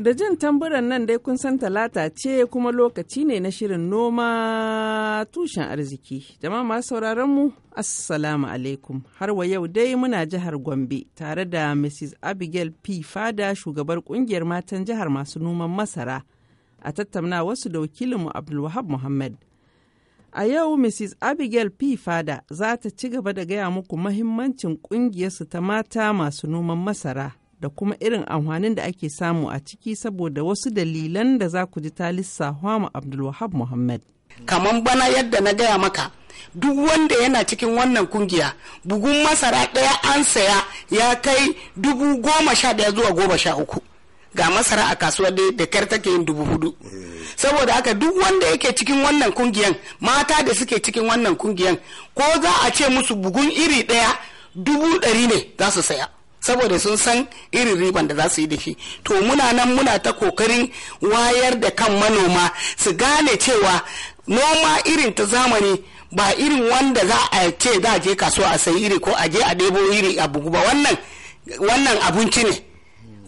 Da jin tamburan nan dai kun san talata ce kuma lokaci ne na shirin noma tushen arziki. Jama'a masu sauraron mu Assalamu alaikum. Har wa yau dai muna jihar Gombe tare da Mrs. Abigail P. Fada shugabar kungiyar matan jihar masu noman masara a tattauna wasu da wakilinmu Abdulwahab Muhammad. A yau Mrs. Abigail P. Fada za ta ci gaba da gaya muku mahimmancin kungiyarsu ta mata masu noman masara da kuma irin amfanin da ake samu a ciki saboda wasu dalilan da za ku ji ta lissafa mu Abdulwahab Muhammad. Kaman bana yadda na gaya maka duk wanda yana cikin wannan kungiya bugun masara ɗaya an saya ya kai dubu goma sha ɗaya zuwa goma sha uku. ga masara a kasuwar da kyar take yin dubu hudu saboda haka duk wanda yake cikin wannan kungiyan mata da suke cikin wannan kungiyan ko za a ce musu bugun iri ɗaya dubu ɗari ne za su saya saboda sun san irin riban da za su yi da shi to muna nan muna ta kokarin wayar da kan manoma su gane cewa noma irin ta zamani ba irin wanda za a ce za a je kasuwa a sayi iri ko a je a debo iri a bugu ba wannan wannan abinci ne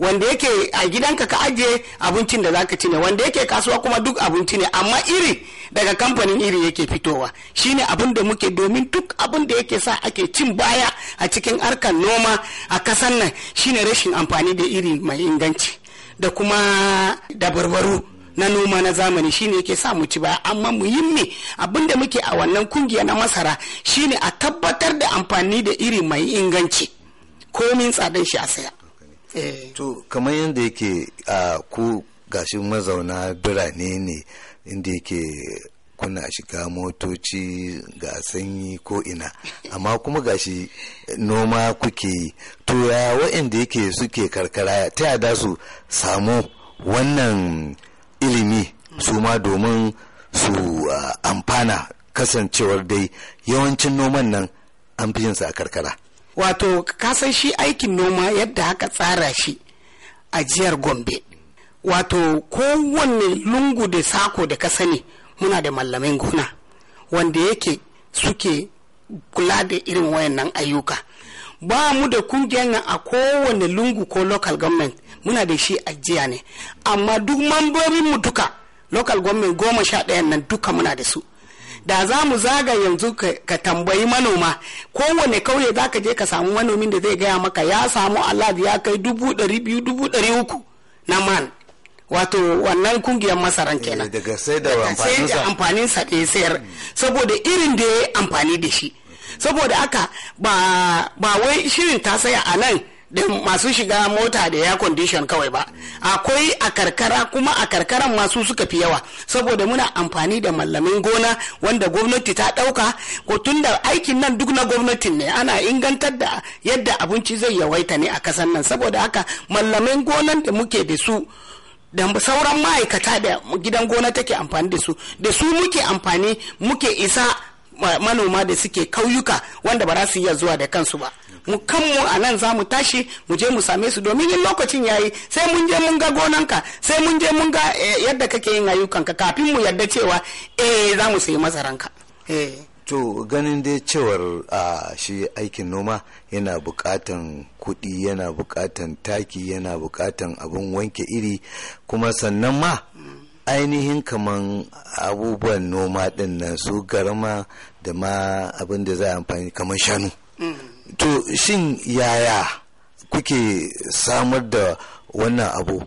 wanda yake a gidanka ka ajiye abincin da zaka ci ne wanda yake kasuwa kuma duk abinci ne amma iri daga kamfanin iri yake fitowa shine abin da muke domin duk abin da yake sa ake cin baya a cikin harkar noma a kasan nan shine rashin amfani da iri mai inganci da kuma dabarbaru na noma na zamani shine yake sa mu ci baya amma muhimmi abin da muke a wannan kungiya na masara shine a tabbatar da amfani da iri mai inganci komin tsadan shi a saya Eh. to kamar yadda yake a ku gashi mazauna birane ne inda yake kuna shiga motoci ga sanyi ko ina amma kuma gashi noma kuke yi to ya wa'inda yake suke karkara ta yada su samu wannan ilimi su ma domin su amfana kasancewar dai yawancin noman nan an fi yinsa a karkara wato kasan shi aikin noma yadda haka tsara shi a jihar gombe wato kowanne lungu da sako da ka sani muna da mallamin gona wanda yake suke kula da irin wayannan ayyuka ba mu da kungiyar nan a kowane lungu ko local government muna da shi ajiya ne amma duk mambobin mu duka local government goma sha ɗayan nan duka muna da su da za mu zaga yanzu ka tambayi manoma kowane kauye za ka je ka samu manomin da zai gaya maka ya samu alad ya kai dubu ɗari biyu dubu ɗari uku na man wato wannan kungiyar masaran eh, kenan daga sai da amfanin sa da sayar hmm. saboda irin da ya amfani da shi hmm. saboda aka ba wai shirin ta saya a nan din masu shiga mota da ya condition kawai ba akwai a karkara kuma a karkaran masu suka fi yawa saboda muna amfani da mallamin gona wanda gwamnati ta dauka ko tunda aikin nan duk na gwamnatin ne ana ingantar da yadda abinci zai yawaita ne a kasan nan saboda haka mallamin gonan da muke da su da sauran ma'aikata da gidan gona take amfani da su da su muke amfani muke isa manoma da suke kauyuka wanda ba za su iya zuwa da kansu ba mu kanmu a nan za mu tashi mu je mu same su domin yin lokacin yayi sai mun je mun ga gonanka sai mun je mun ga eh, yadda kake yin ayyukanka kafin mu yarda cewa eh za mu sayi masaranka eh. to ganin dai cewar a shi aikin noma yana bukatan kuɗi yana bukatan taki yana bukatan abun wanke iri kuma sannan ma ainihin kaman abubuwan noma din nan su garma da ma abin da za a amfani kaman shanu mm. to shin yaya kuke samar da wannan abu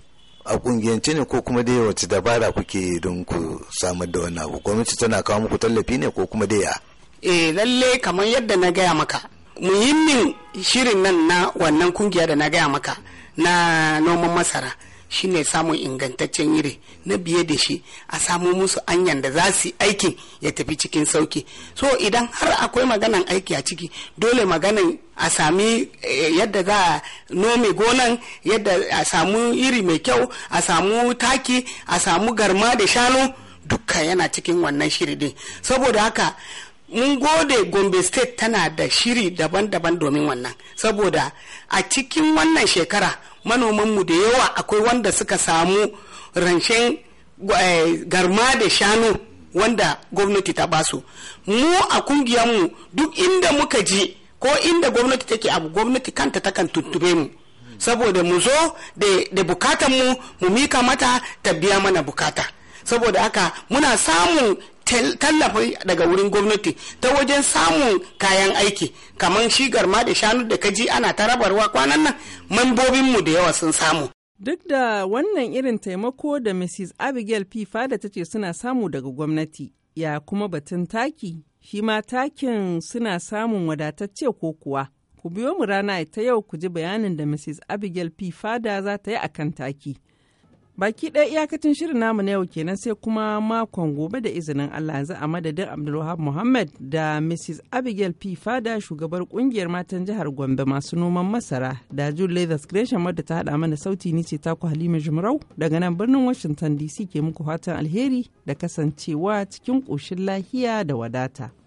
a kungiyance ne ko kuma dai wace dabara kuke don ku samar da wannan abu gwamnati tana kawo muku tallafi ne ko kuma dai ya eh lalle kamar yadda na gaya maka muhimmin shirin nan na wannan kungiya da na gaya maka na noman masara shine samun ingantaccen iri na biye da shi a samu musu anyan da za su aikin ya tafi cikin sauki so idan har akwai maganan aiki a ciki dole maganan a sami eh, yadda za a nome gonan yadda a samu iri mai kyau a samu taki a samu garma da shanu dukka yana cikin wannan shiri din saboda haka mun gode gombe state tana da shiri daban-daban domin wannan saboda a cikin wannan shekara Manoman mu da yawa akwai wanda suka samu rancen eh, garma da shanu wanda gwamnati ta basu mu a mu duk inda muka ji ko inda gwamnati take abu gwamnati kanta takan tuntube mu saboda mu zo da bukatan mu mu mika mata ta biya mana bukata saboda haka muna samun tallafi daga wurin gwamnati ta wajen samun kayan aiki kamar shi garma da shanu da kaji ana ta rabarwa kwanan nan mambobinmu da yawa sun samu Duk da wannan irin taimako da Mrs. Abigail P. Fada ta ce suna samu daga gwamnati, ya kuma batun taki, shi ma takin suna samun wadatacce ko kuwa. Ku biyo mu rana ta yau ku ji bayanin da Mrs. Abigail P. Fada za ta yi akan taki. Baki ɗaya iyakacin shirin namu na yau kenan sai kuma makon gobe da izinin Allah yanzu a madadin Abdulwahab Muhammad da Mrs. Abigail P. Fada shugabar kungiyar matan jihar Gombe masu noman masara da Jude Leathers Creation wadda ta haɗa mana sauti ni ce taku Halima Jumrau daga nan birnin Washington DC ke muku fatan alheri da kasancewa cikin ƙoshin lahiya da wadata.